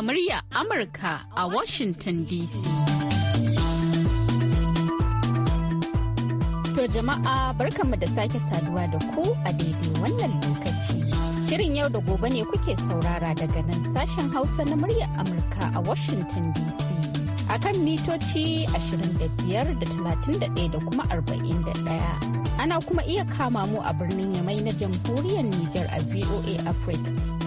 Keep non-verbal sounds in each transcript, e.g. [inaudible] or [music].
daga murya Amurka a Washington DC. To jama'a barkanmu da sake saduwa da ku a daidai wannan lokaci. Shirin yau da gobe ne kuke saurara daga nan sashen Hausa na murya Amurka a Washington DC. A kan mitoci 25 da 31 da kuma 41. Ana kuma iya kama mu a birnin Yamai na jamhuriyar Nijar a VOA Africa.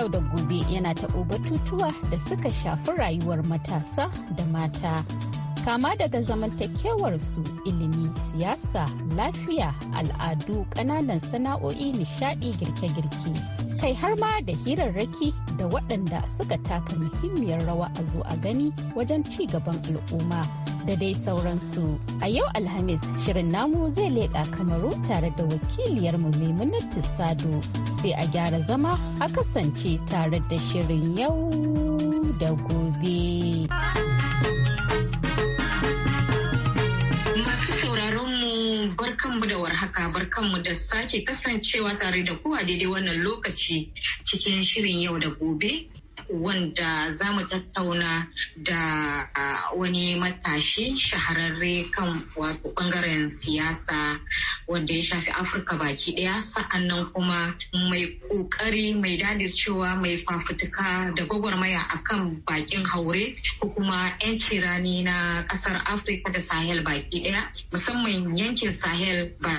yau da gobe yana taɓo batutuwa da suka shafi rayuwar matasa da mata. Kama daga zamantakewarsu ilimi, siyasa, lafiya, al'adu, ƙananan sana'o'i, nishaɗi, girke-girke. Kai har ma da hirarraki da waɗanda suka taka muhimmiyar rawa a zo a gani wajen ci gaban al'umma. da dai sauransu. A yau Alhamis shirin namu zai leƙa kamaru tare da wakiliyar mu maimunan Tisado. sai a gyara zama a kasance tare da shirin yau da gobe. barkanmu da warhaka barkanmu da sake kasancewa tare da ku daidai wannan lokaci cikin shirin yau da gobe wanda za mu tattauna da wani matashi shahararre kan wato bangaren siyasa wanda ya shafi afirka baki daya sa'annan kuma mai kokari mai dadircewa mai fafutuka da gwagwarmaya kan bakin haure ko kuma 'yanci rani na kasar afirka da sahel baki daya musamman yankin sahel ba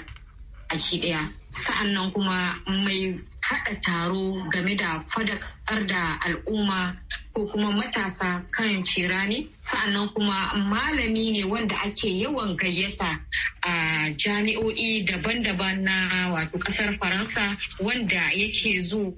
baki ɗaya. Sa'annan kuma mai haɗa taro game da fadakar da al'umma ko kuma matasa kan cira sa'an sa'annan kuma malami ne wanda ake yawan gayyata a jami'o'i daban-daban na wato ƙasar faransa wanda yake zo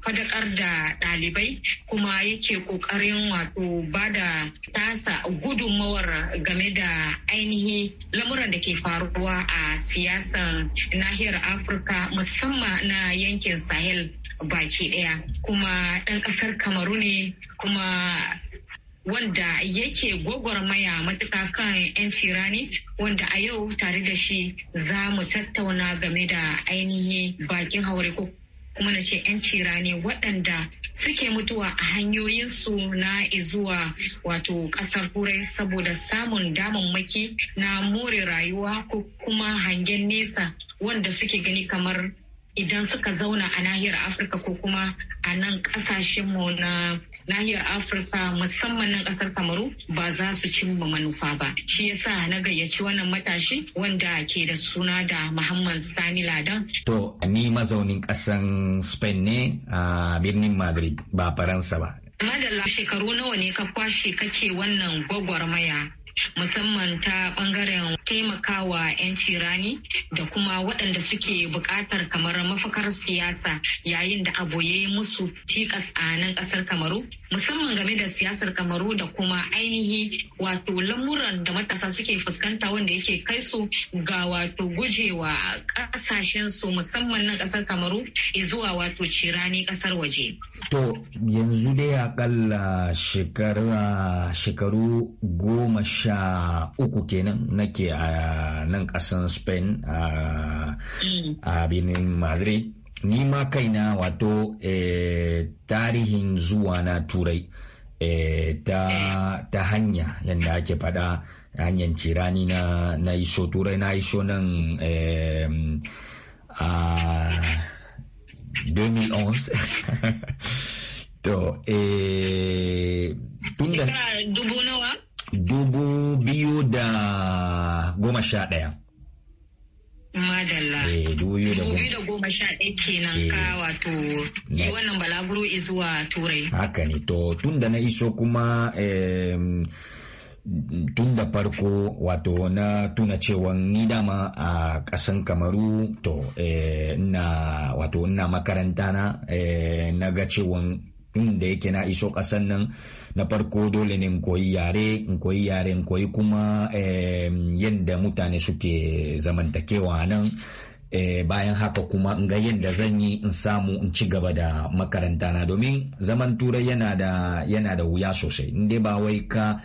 fadakar da ɗalibai kuma yake ƙoƙarin wato ba da tasa gudunmawar game da ainihi lamuran da ke faruwa a siyasan nahiyar afirka musamman na yankin sahel baki ɗaya kuma ɗan ƙasar kamaru ne kuma wanda yake gwagwarmaya matuka kan 'yan tirani wanda a yau tare da shi za mu tattauna game da ainihin bakin haure ko kuma na ce 'yan cira ne waɗanda suke mutuwa a hanyoyinsu na izuwa wato ƙasar turai saboda samun damammaki na more rayuwa ko kuma hangen nesa wanda suke gani kamar idan suka zauna a nahiyar afirka ko kuma a nan ƙasashenmu na nahiyar afirka musamman na kasar kamaru ba za su cimma manufa ba shi yasa na gayyaci wannan matashi wanda ke da suna da muhammad sani ladan to ni mazaunin kasan spain ne a birnin madrid ba faransa ba madalla shekaru nawa ne ka kwashe kake wannan gwagwarmaya musamman ta bangaren taimakawa 'yan tirani da kuma waɗanda suke buƙatar kamar mafakar siyasa yayin da aboye musu tikas a nan ƙasar kamaru musamman game da siyasar kamaru da kuma ainihi wato lamuran da matasa suke fuskanta wanda yake kai su ga wato gujewa ƙasashen su musamman na ƙasar kamaru zuwa wato cirani ƙasar waje. To yanzu dai akalla shekaru goma sha sha uku kenan nake a nan ƙasan spain a mm. birnin madrid ni ma kaina wato eh, tarihin zuwa na turai eh, ta, hanya yadda ake faɗa hanyar cirani na, na iso turai na iso nan a 2011 [laughs] [laughs] to eh, sha ɗaya. Madalla. Eh, dubu biyu da goma. sha ɗaya kenan eh. ka wato yi wannan balaguro zuwa turai. Haka ne, to tun da na iso kuma tun da farko wato na tuna cewa ni dama a ƙasan kamaru to eh, na wato na makaranta na eh, na ga cewa inda yake na iso ƙasan nan na farko dole ne in koyi yare in koyi yare in koyi kuma yadda mutane suke zamantakewa nan eh, bayan haka kuma in ga yadda zan yi in samu in ci gaba da makaranta na domin zaman turai yana da yana da wuya sosai in dai ba wai ka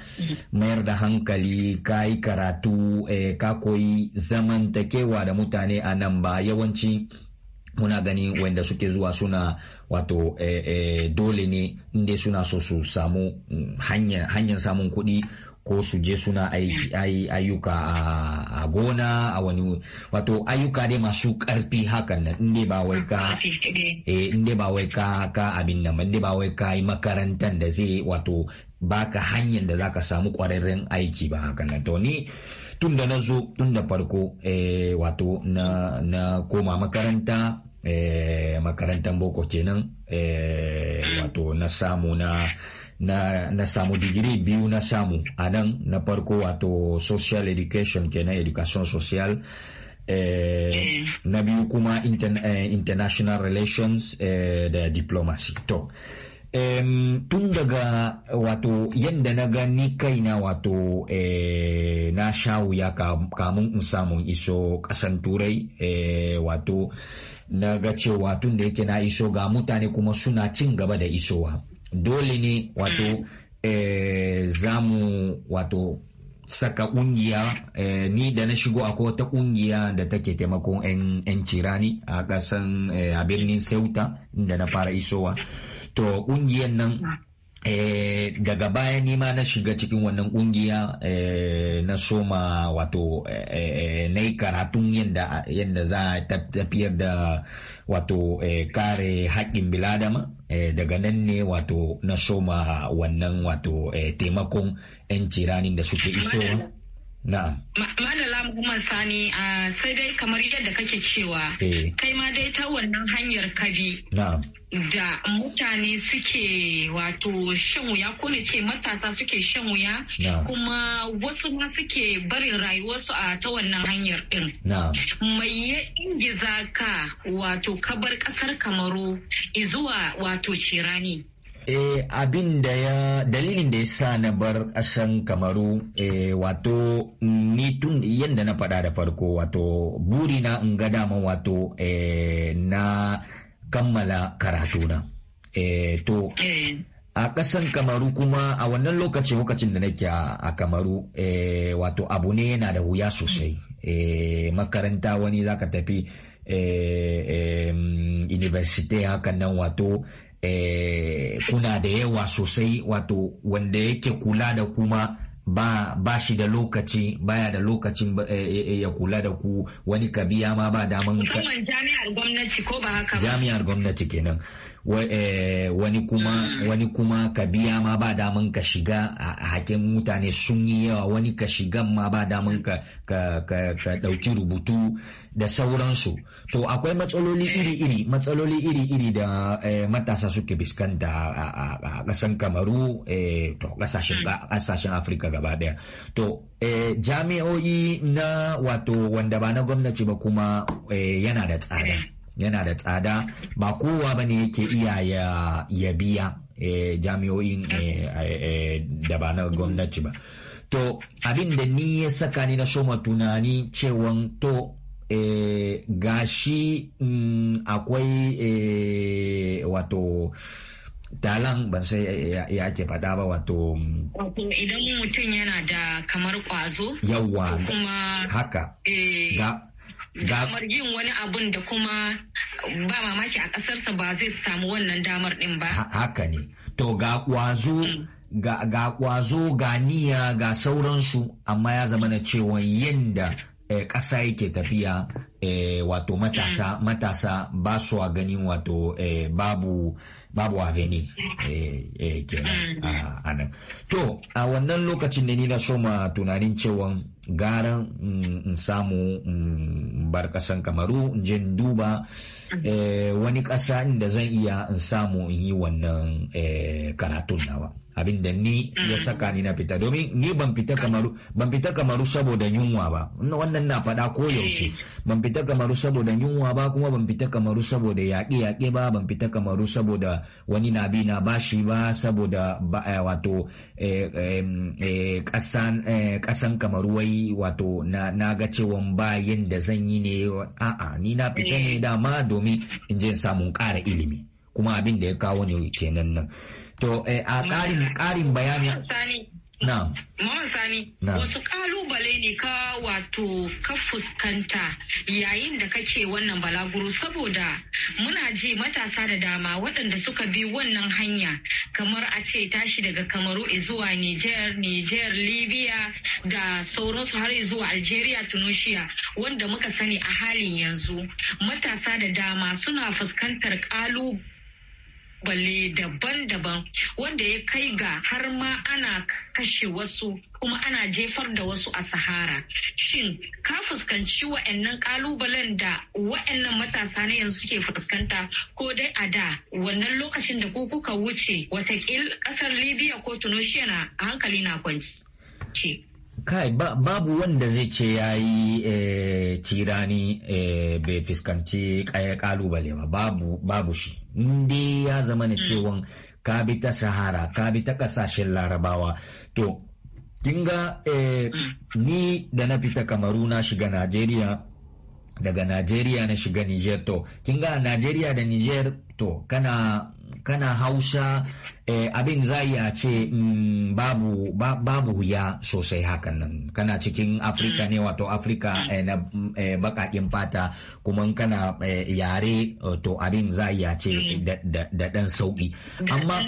mayar da hankali ka yi karatu eh, ka koyi zamantakewa da mutane a nan ba yawanci muna gani wanda suke zuwa suna wato eh, eh, dole ne inda suna so su samu mm, hanyar samun kuɗi ko su je suna ayyuka a gona a wani wato ayyuka dai masu karfi hakan nan inda ba wai ka eh, inda ba wai ka haka abin nan inda ba wai ka yi makarantar da zai wato baka hanyar da zaka samu ƙwararren aiki ba hakan nan to tun da na zo tun da farko eh, wato na koma makaranta Eh, makarantar boko kenan eh, wato na samu na na, na samu digiri biyu na samu a nan na farko wato social education kenan education social eh, mm. na biyu kuma international relations da diplomacy to tun daga wato yadda na gani kaina wato na sha wuya kamun in samu iso kasan turai wato na ga cewa tun da yake na iso ga mutane kuma suna cin gaba da isowa dole ne wato mm. eh, za mu wato saka kungiya eh, ni da na shigo akwai wata kungiya da take taimakon 'yan cirani a kasan e, eh, a birnin sauta inda na fara isowa to kungiyan nan Eh, daga baya nima na shiga cikin wannan kungiya eh, na soma wato eh, na yi karatun yadda za a tafiyar da wato kare haƙƙin biladama daga nan ne wato na soma wannan wato taimakon 'yan ciranin da suke isowa. Na'am. Muhammad Sani a sai dai kamar yadda kake cewa eh. kai ma dai ta wannan hanyar kabi. Da mutane suke wato shan wuya ko ne ce matasa suke shan wuya kuma wasu ma suke barin rayuwarsu a ta wannan hanyar din. Mai ya ingiza ka wato kabar kasar kamaru zuwa wato cirani. Eh abin da ya dalilin da ya sa na bar ƙasan kamaru eh, wato ni tun yadda na faɗa da farko wato buri na in ga dama wato eh, na kammala karatuna. na. Eh, to a ƙasan kamaru kuma a wannan lokaci lokacin da nake a kamaru eh, wato abu ne yana da wuya sosai. Eh, makaranta wani zaka tafi eh, eh, mm, university hakan nan wato Eh, kuna da yawa sosai wato wanda yake kula da kuma ba ba shi da lokaci baya da lokacin eh, eh, eh, ya kula da ku wani kabiya ma ba daman ka jami'ar gwamnati ko ba haka jami'ar gwamnati kenan wani kuma mm. wani kuma kabiya ma ba daman ka shiga a hakin mutane sun yi yawa wani ka shiga ma ba daman ka ka dauki rubutu da sauransu to akwai matsaloli iri-iri matsaloli iri-iri da matasa suke biskanta a kasan kamaru to kasashen mm. afirka gaba daya to eh, jami'o'i na wato wanda ba na gwamnati ba kuma eh, yana da tsada yana da tsada ba kowa ba ne yake iya ya biya eh, jami'o'in eh, eh, eh, da ba na gwamnati ba to abin da ni ya saka ni na shoma tunani cewan to gashi mm, akwai wato dalan ban sai ya ake fada ba mm, wato idan mutum yana da kamar kwazo yawa kuma haka damar eh, yin wani abun da kuma ba mamaki a kasarsa ba zai samu wannan damar din ba haka ne to ga kwazo mm. ga kwazo ga niya ga sauransu amma ya zama na cewa yadda eh, ƙasa yake tafiya eh, wato matasa mm. matasa ba su a ganin wato eh, babu babu veni eh, eh, kenan mm. a ah, nan to a wannan lokacin da ni na so ma tunanin cewan gara in mm, samu mm, bar kamaru in duba mm. eh, wani kasa inda zan iya in samu in yi wannan eh, karatun nawa abin da ni ya saka ni na fita domin ni ban fita kamaru ban fita kamaru saboda yunwa ba wannan na faɗa ko yaushe eh. ban fita kamaru saboda yunwa ba kuma ban fita kamaru saboda yaƙe-yaƙe ba ban fita kamaru saboda wani na bi na bashi ba saboda eh, wato eh, eh, ƙasan kamaru wai wato na ga cewa ba yadda zan yi ne a'a ni na fita ne dama domin in je samun ƙara ilimi kuma abin da ya kawo ne kenan nan to a ƙarin bayani. na Sani, wasu kalubale ne ka wato ka fuskanta yayin da kake wannan balaguro saboda muna ji matasa da dama waɗanda suka bi wannan hanya kamar a ce tashi daga Kamaru zuwa Niger, Niger, Libya da sauransu har zuwa Algeria, Tunisia wanda muka sani a halin yanzu. Matasa da dama suna fuskantar kalubale balle daban-daban wanda ya kai ga har ma ana kashe wasu kuma ana jefar da wasu a sahara shin ka fuskanci wa'annan kalubalen da wa'annan matasa na yanzu suke fuskanta ko dai a da wannan lokacin da kuka wuce watakil kasar libya ko tunisia na hankali na kwanci kai ba, babu wanda zai ce ya yi e, eh, tirani e, bai fuskanci kalubale ba babu, babu shi in ya zama na mm. cewa ka bi ta sahara ka bi ta kasashen larabawa to kin ga eh, mm. ni da na fita kamaru na shiga najeriya daga najeriya na shiga niger to kin ga najeriya da niger to kana kana hausa eh, abin za a ce mm, babu ba, babu ya sosai hakan nan kana cikin afirka ne wato afirka eh, na eh, bakakin fata kuma kana eh, yare eh, to abin za a ce da dan sauki amma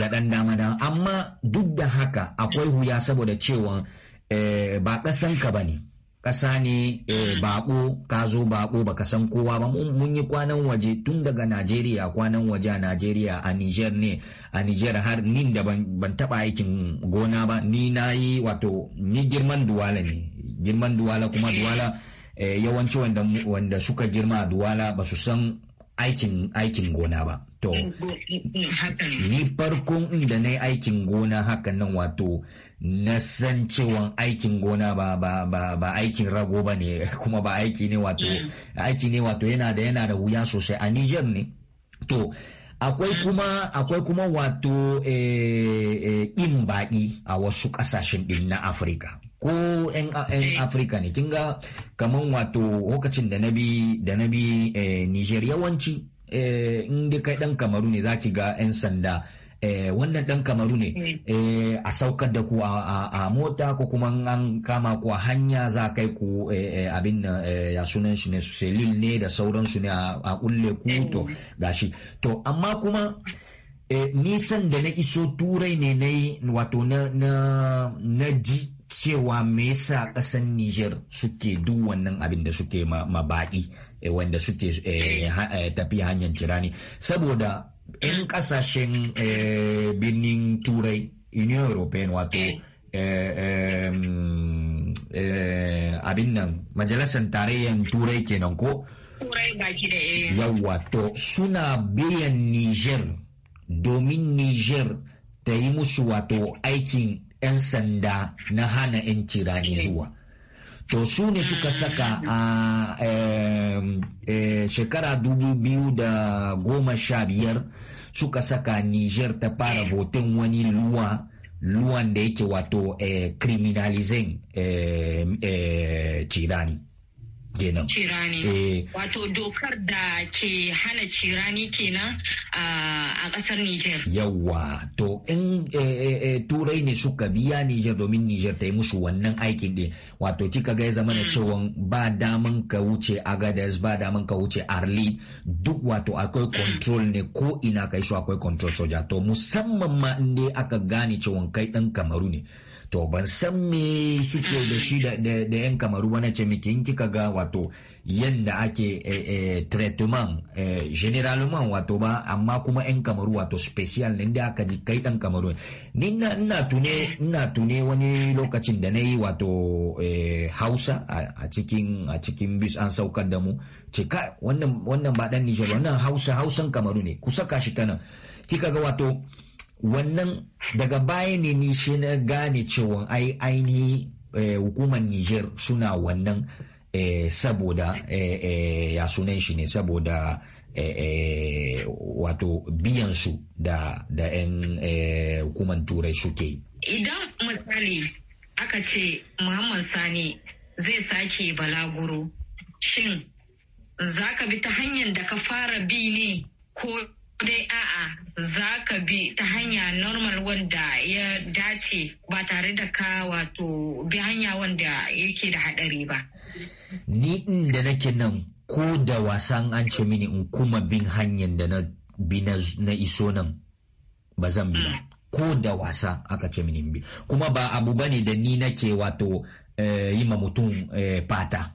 da dan dama dama amma duk da haka akwai huya saboda cewa eh, ba kasanka ba ne ƙasa ne eh, mm. baƙo ka zo baƙo baka san kowa ba mun yi kwanan waje tun daga najeriya kwanan waje a najeriya a niger ne a niger har nin da ban taɓa aikin gona ba ni na yi wato ni girman duwala ne girman duwala kuma duwala eh, yawanci wanda suka girma a duwala ba su san aikin aikin gona ba to ni farkon inda na yi aikin gona hakan nan wato na san cewa aikin gona ba ba ba aikin rago ba ne [laughs] kuma ba aiki ne wato mm. aiki ne wato yana da yana da wuya sosai a Niger ne to akwai mm. kuma akwai kuma wato eh, eh, a wasu ƙasashen ɗin na Afirka ko 'yan afirka ne kinga kaman wato lokacin da na bi da na bi eh, niger yawanci eh, in dai kai dan kamaru ne zaki ga 'yan sanda eh, wannan dan kamaru ne mm. a saukar da ku a mota ko kuma an kama ku a hanya za kai ku abin na ya sunan shi ne selil ne da sauransu ne a kulle ku mm. to gashi to amma kuma nisan da na iso turai ne na wato na ji cewa me yasa ƙasan nijar suke duk wannan abin da suke baƙi eh, wanda suke eh, eh, tafi hanyar cirani saboda 'yan ƙasashen birnin turai union european wato abin nan majalisar tarayyar turai kenan ko Yau wato suna biyan niger domin niger ta yi musu wato aikin 'yan sanda na hana 'yan cirani zuwa to su ne suka saka mm. a eh, shekara dubu biyu da goma sha biyar suka saka niger ta fara hoton eh. wani luwa luwan da yake wato eh, criminalizing cirani kenan. Cirani. Eh. Wato dokar da ke hana cirani kenan a kasar Niger. Yawwa to in eh, eh, turai ne suka biya Niger domin Niger ta yi musu wannan aikin ɗin wato kika ga ya zama na hmm. cewa ba daman ka wuce Agadez ba daman ka wuce Arli duk wato akwai hmm. control ne ko ina kai su akwai control soja to musamman ma in aka gane cewa kai ɗan kamaru ne. to ban san me suke da shi da yan kamaru wani ce miki in kika ga wato yadda ake eh, eh, tretman eh, generalman wato ba amma kuma yan kamaru wato special ne da aka ji kai dan kamaru ni ina tune ina tune wani lokacin da na yi wato hausa a cikin a cikin bis an saukar da mu ce wannan wannan ba dan Nijar wannan hausa hausan kamaru ne kusa kashi shi ta nan kika ga wato wannan daga baya ne ni shi na gane cewa ai ainihi eh, hukumar niger suna wannan eh, saboda eh, ya sunan shi ne saboda wato biyansu da 'yan hukumar turai suke idan misali aka ce muhammad sani zai sake balaguro shin za ka bi ta hanyar da ka fara bi ne ko dai a'a za ka bi ta hanya normal wanda ya dace ba tare da ka wato bi hanya wanda yake da hadari ba. Ni inda nake nan ko da wasan an ce mini in kuma bin hanyar da na bi na iso nan ba zan bi ba. Mm. Ko da wasa aka ce mini bi. Kuma ba abu bane da ni nake wato eh, yi ma mutum eh, fata.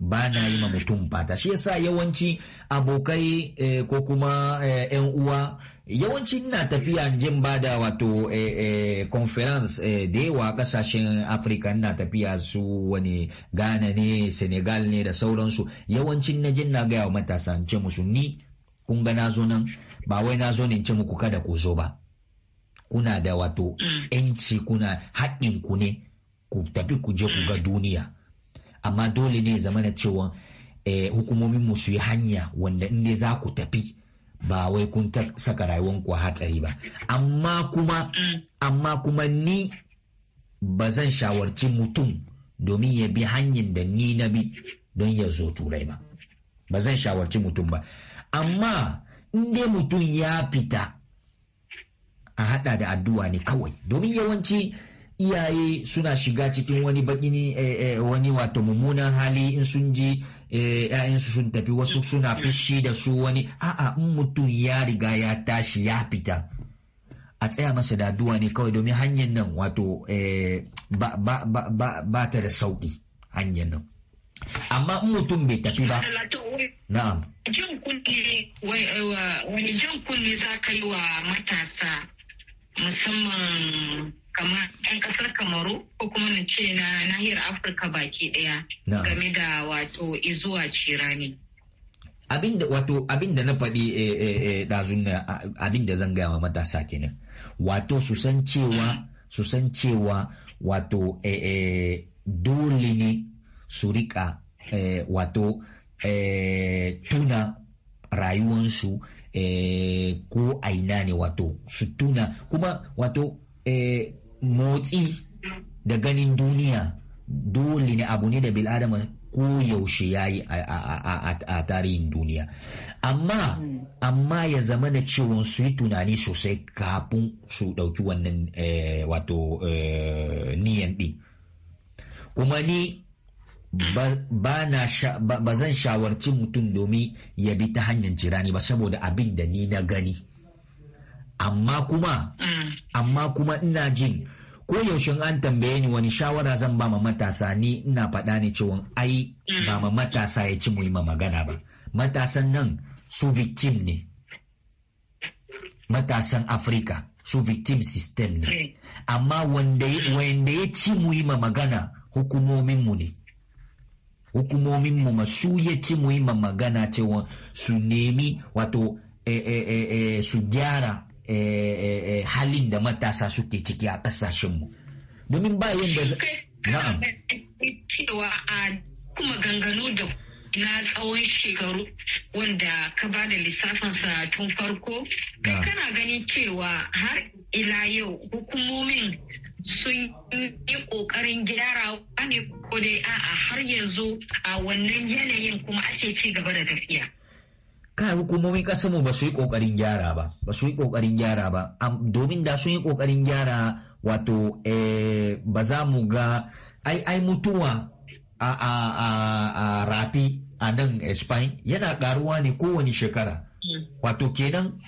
ba na yi ma mutum fata shi yasa yawanci abokai eh, ko kuma eh, yan uwa yawanci ina tafiya jin ba da wato eh, eh conference eh, da yawa kasashen afirka ina tafiya su wani ghana ne senegal ne da sauransu yawancin na jin na gaya wa matasa ce musu ni kun ga nazo nan ba wai nazo ne ce muku kada ku zo ba kuna da wato 'yanci mm. kuna haɗin ne ku tafi ku je ku ga duniya amma dole ne zama na cewa eh, hukumomin mu su yi hanya wanda in za ku tafi ba wai kun saka rayuwanku a hatsari ba amma kuma amma kuma ni ba zan shawarci mutum domin ya bi hanyar da ni na bi don ya zo turai ba ba zan shawarci mutum ba amma in dai mutum ya fita a hada da addu'a ne kawai domin yawanci iyaye suna shiga cikin wani eh, eh, wani wato mummunan hali in sun ji ‘ya'yansu eh, sun tafi wasu suna fishi da su wani a'a in mutum ya riga ya tashi ya fita a tsaya masa da duwa ne kawai domin hanyar nan wato eh, ba ta da sauƙi hanyar nan amma in mutum bai tafi ba na'am jan wani jan kunne za ka yi wa matasa musamman kamar ɗan ƙasar kamaru ko kuma na ce na nahiyar afirka baki ɗaya, game da wato izuwa cirani abin da wato abin da na faɗi eh, eh, eh, ɗazun na abin da zan gaya wa matasa kenan wato su san cewa su san cewa wato dole ne su rika wato tuna rayuwansu ko aina ne wato su tuna kuma wato motsi da ganin duniya dole ne abu ne da bil'adama ko yaushe ya yi a tarihin duniya amma hmm. amma ya zama na cewa su yi tunani sosai kafin su ɗauki wannan eh, wato eh, niyan ɗin kuma ni ba zan shawarci mutum domin ya bi ta hanyar jirani ba saboda abin da ni na gani amma kuma mm. amma kuma ina jin ko yaushe an tambaye ni wani shawara zan ba ma matasa ni ina faɗa ne cewa ai mm. ba ma matasa ya ci muhimman magana ba matasan nan su victim ne matasan afirka su victim system ne mm. amma wanda ya ci muhimman magana hukumominmu ne hukumominmu masu ya ci muhimman magana cewa su nemi wato eh, eh, eh, su gyara Eh, eh, eh, halin da matasa suke ciki a ƙasashenmu. Domin ba yadda na'am. cewa a kuma ganganu da na tsawon shekaru wanda ka ba da lissafinsa tun farko kai kana ganin cewa har ila yau hukumomin sun yi kokarin gyara ne ko dai a'a har yanzu a wannan yanayin kuma ake ci gaba da tafiya. kai hukumomin kasar mu ba su yi kokarin gyara ba ba su yi kokarin gyara ba domin da sun yi kokarin gyara wato eh, ba za mu ga ai ai mutuwa a a a, a rafi a nan spain yana karuwa ne kowane shekara hmm. wato kenan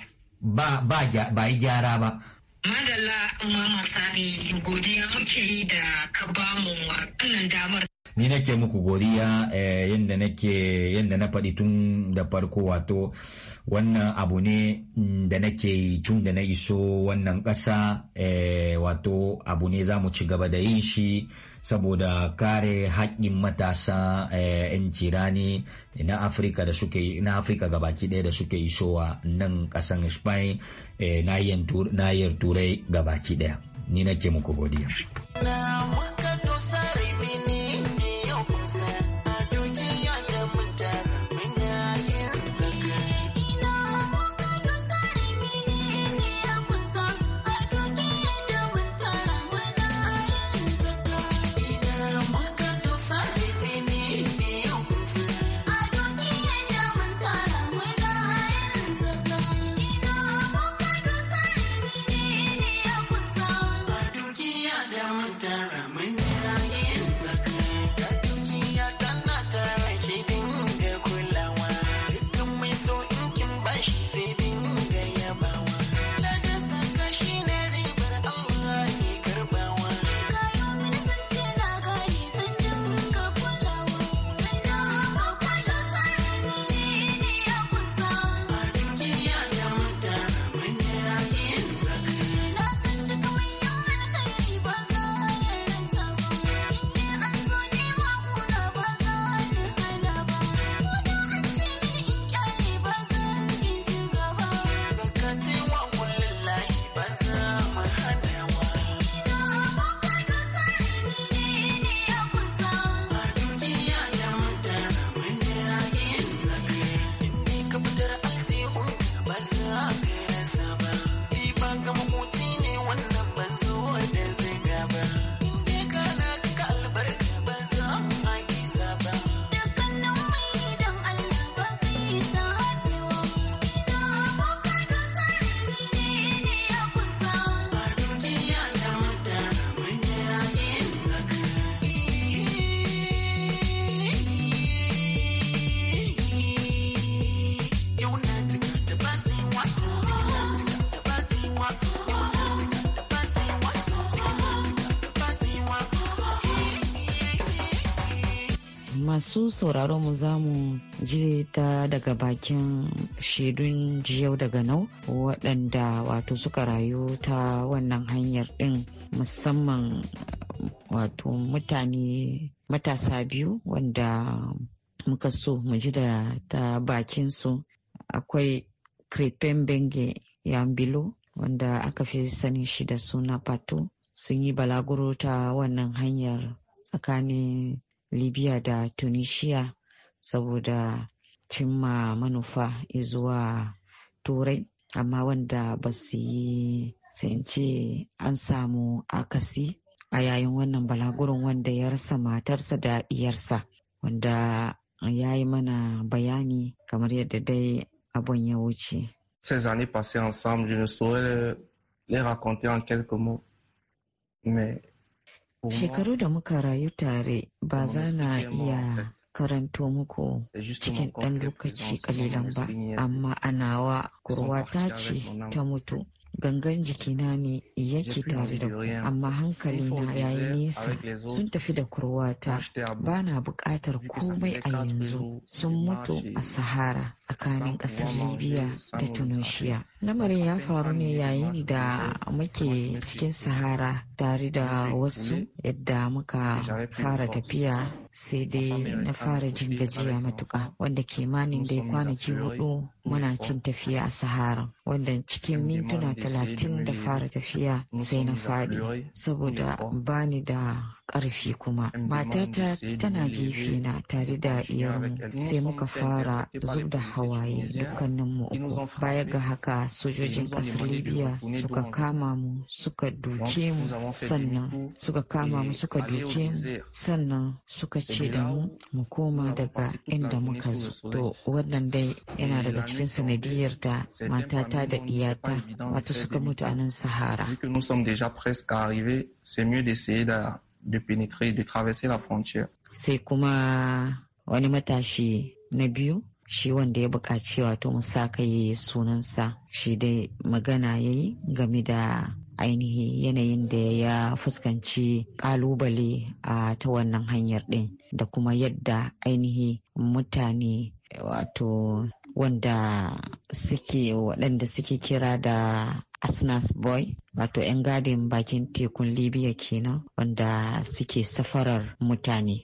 ba ba ba yi gyara ba madalla mama sani godiya muke da ka bamu wannan damar ni nake muku godiya eh, yadda nake yadda na faɗi tun da farko wato wannan abu ne mm, da nake yi tun da na iso wannan ƙasa eh, wato abu ne za mu ci gaba da yin shi saboda kare haƙƙin matasa eh, 'yan cirani na afirka da suke na afirka gabaki ɗaya da suke isowa nan ƙasan spain nahiyar turai gabaki ɗaya ni nake muku godiya su sauraro mu za mu ji ta daga bakin shaidun jiyau daga nau waɗanda wato suka rayu ta wannan hanyar ɗin musamman wato mutane matasa biyu wanda muka so mu ji da ta su akwai Crepen Benge Yambilo wanda aka fi sani shi da suna Pato sun yi balaguro ta wannan hanyar tsakanin libya da tunisia saboda cimma manufa zuwa turai amma wanda ba su yi sayance an samu akasi a yayin wannan balagurin wanda ya rasa matarsa da diyarsa wanda ya yi mana bayani kamar yadda dai abun ya wuce. Ces années passées ensemble, je ne saurais les raconter en quelques Shekaru da muka rayu tare ba za na iya karanto muku cikin ɗan lokaci ƙalilan ba, amma a nawa kurwata ce ta mutu gangan jikina ne yake tare da ku amma hankalina ya yi nesa sun tafi da kurwata ba na bukatar komai a yanzu sun mutu a sahara tsakanin ƙasar libya eh, da tunisia lamarin ya faru ne yayin da muke cikin sahara tare da wasu yadda muka fara tafiya sai dai na fara jin gajiya matuka wanda kimanin da ya kwanaki hudu muna cin tafiya a sahara wanda cikin mintuna talatin da fara tafiya sai na faɗi saboda bani da karfi kuma matata tana gefe na tare da iyarmu sai muka fara zub da hawaye dukkaninmu uku baya ga haka sojojin ƙasar libya suka kama mu eh, suka doke mu sannan suka kama mu suka doke mu sannan suka ce da mu mu koma daga inda muka zo to wannan dai yana eh, daga cikin sanadiyar da matata da iyata wata suka mutu a nan sahara c'est mieux d'essayer de pénétrer, de traverser la frontière. Sai kuma wani matashi na biyu shi wanda ya buƙaci wato mu sa kai sunansa shi dai magana ya yi game da ainihi yanayin da ya fuskanci ƙalubale a ta wannan hanyar ɗin da kuma yadda ainihi mutane wato wanda suke waɗanda suke kira da asnas boy wato 'yan gadin bakin tekun libya kenan wanda suke safarar mutane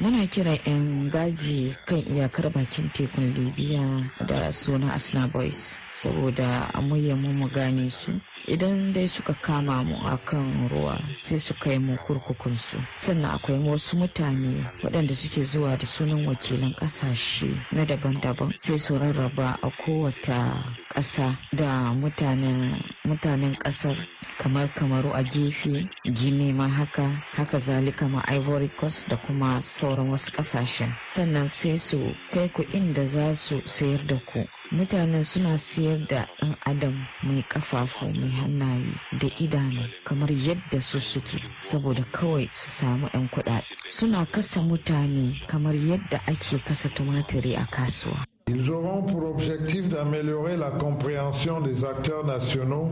Muna kira 'yan gaji kan iyakar bakin tekun Libya da suna Asna Boys. saboda a mu mu gane su idan dai suka kama mu akan ruwa sai su kai mu kurkukun su. sannan akwai wasu mutane waɗanda suke zuwa da sunan wakilan ƙasashe na daban-daban sai su rarraba a kowata ƙasa da mutanen ƙasar kamar kamaru a gefe gini ma haka haka zalika ma ivory coast da kuma sauran wasu ƙasashen sannan sai su kai ku inda za su sayar da ku mutanen suna siyar da ɗan adam mai ƙafafu mai hannaye da idanu kamar yadda su suke saboda kawai su samu ɗan kuɗaɗe suna kasa mutane kamar yadda ake kasa tumatiri a kasuwa Ils auront pour objectif d'améliorer la compréhension des acteurs nationaux.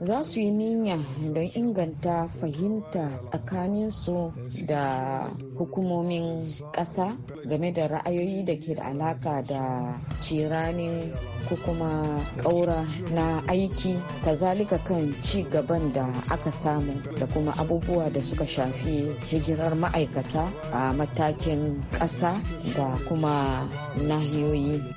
za su yi niyya don inganta fahimta tsakaninsu da hukumomin ƙasa game da ra'ayoyi da ke da alaka da ciranin ko kuma ƙaura na aiki kazalika kan ci gaban da aka samu da kuma abubuwa da suka shafi hijirar ma'aikata a matakin ƙasa da kuma nahiyoyi.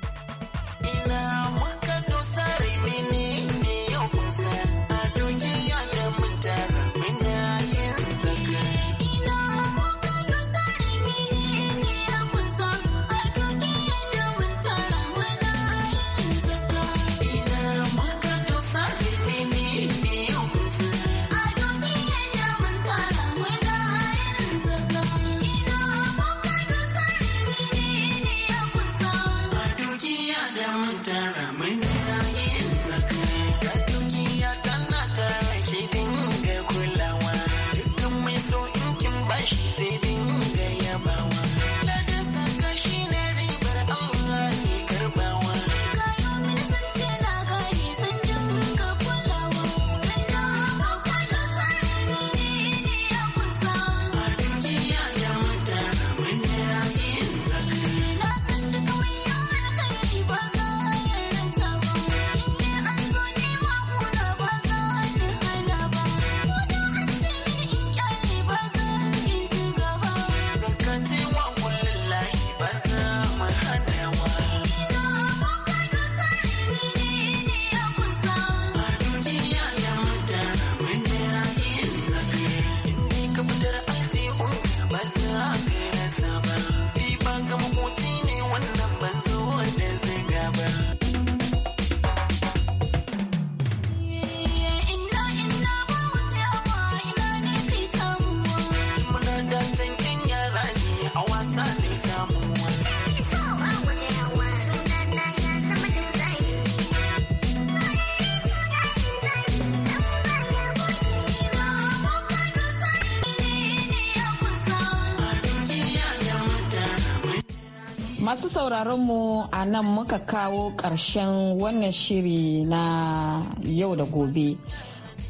Masu sauraron mu a nan muka kawo ƙarshen wannan shiri na yau da gobe.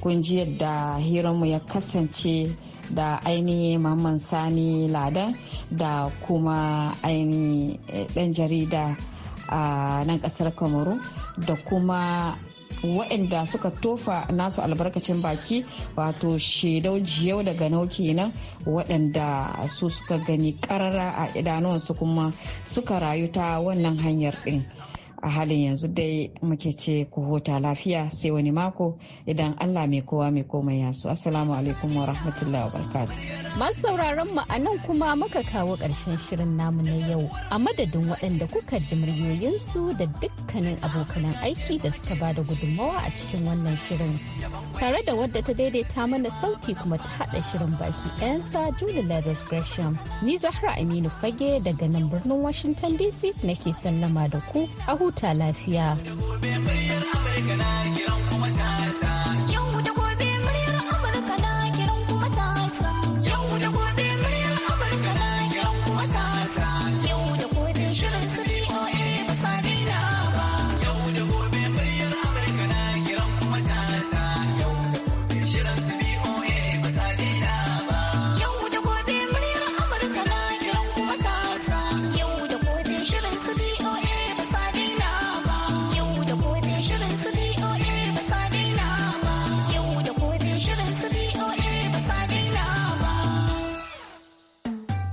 Kun ji yadda hiranmu ya kasance da ainihin Mamman Sani Ladan da kuma ainihin eh, ɗan jarida a ah, nan ƙasar Kamaru da kuma waɗanda suka tofa nasu albarkacin baki wato shaidau jiyau daga nau kenan waɗanda su suka gani karara a idanuwansu kuma suka rayu ta wannan hanyar ɗin. a halin yanzu dai muke ce ku huta lafiya sai wani mako idan Allah mai kowa mai komai ya so assalamu alaikum wa rahmatullahi wa barakatu masu sauraron mu a nan kuma muka kawo ƙarshen shirin namu na yau a madadin waɗanda kuka ji muryoyinsu da dukkanin abokan aiki da suka bada gudunmawa a cikin wannan shirin tare da wadda ta daidaita mana sauti kuma ta haɗa shirin baki ɗayansa Julie Leathers Gresham ni Zahra Aminu Fage daga nan birnin Washington DC nake sallama da ku a huta lafiya.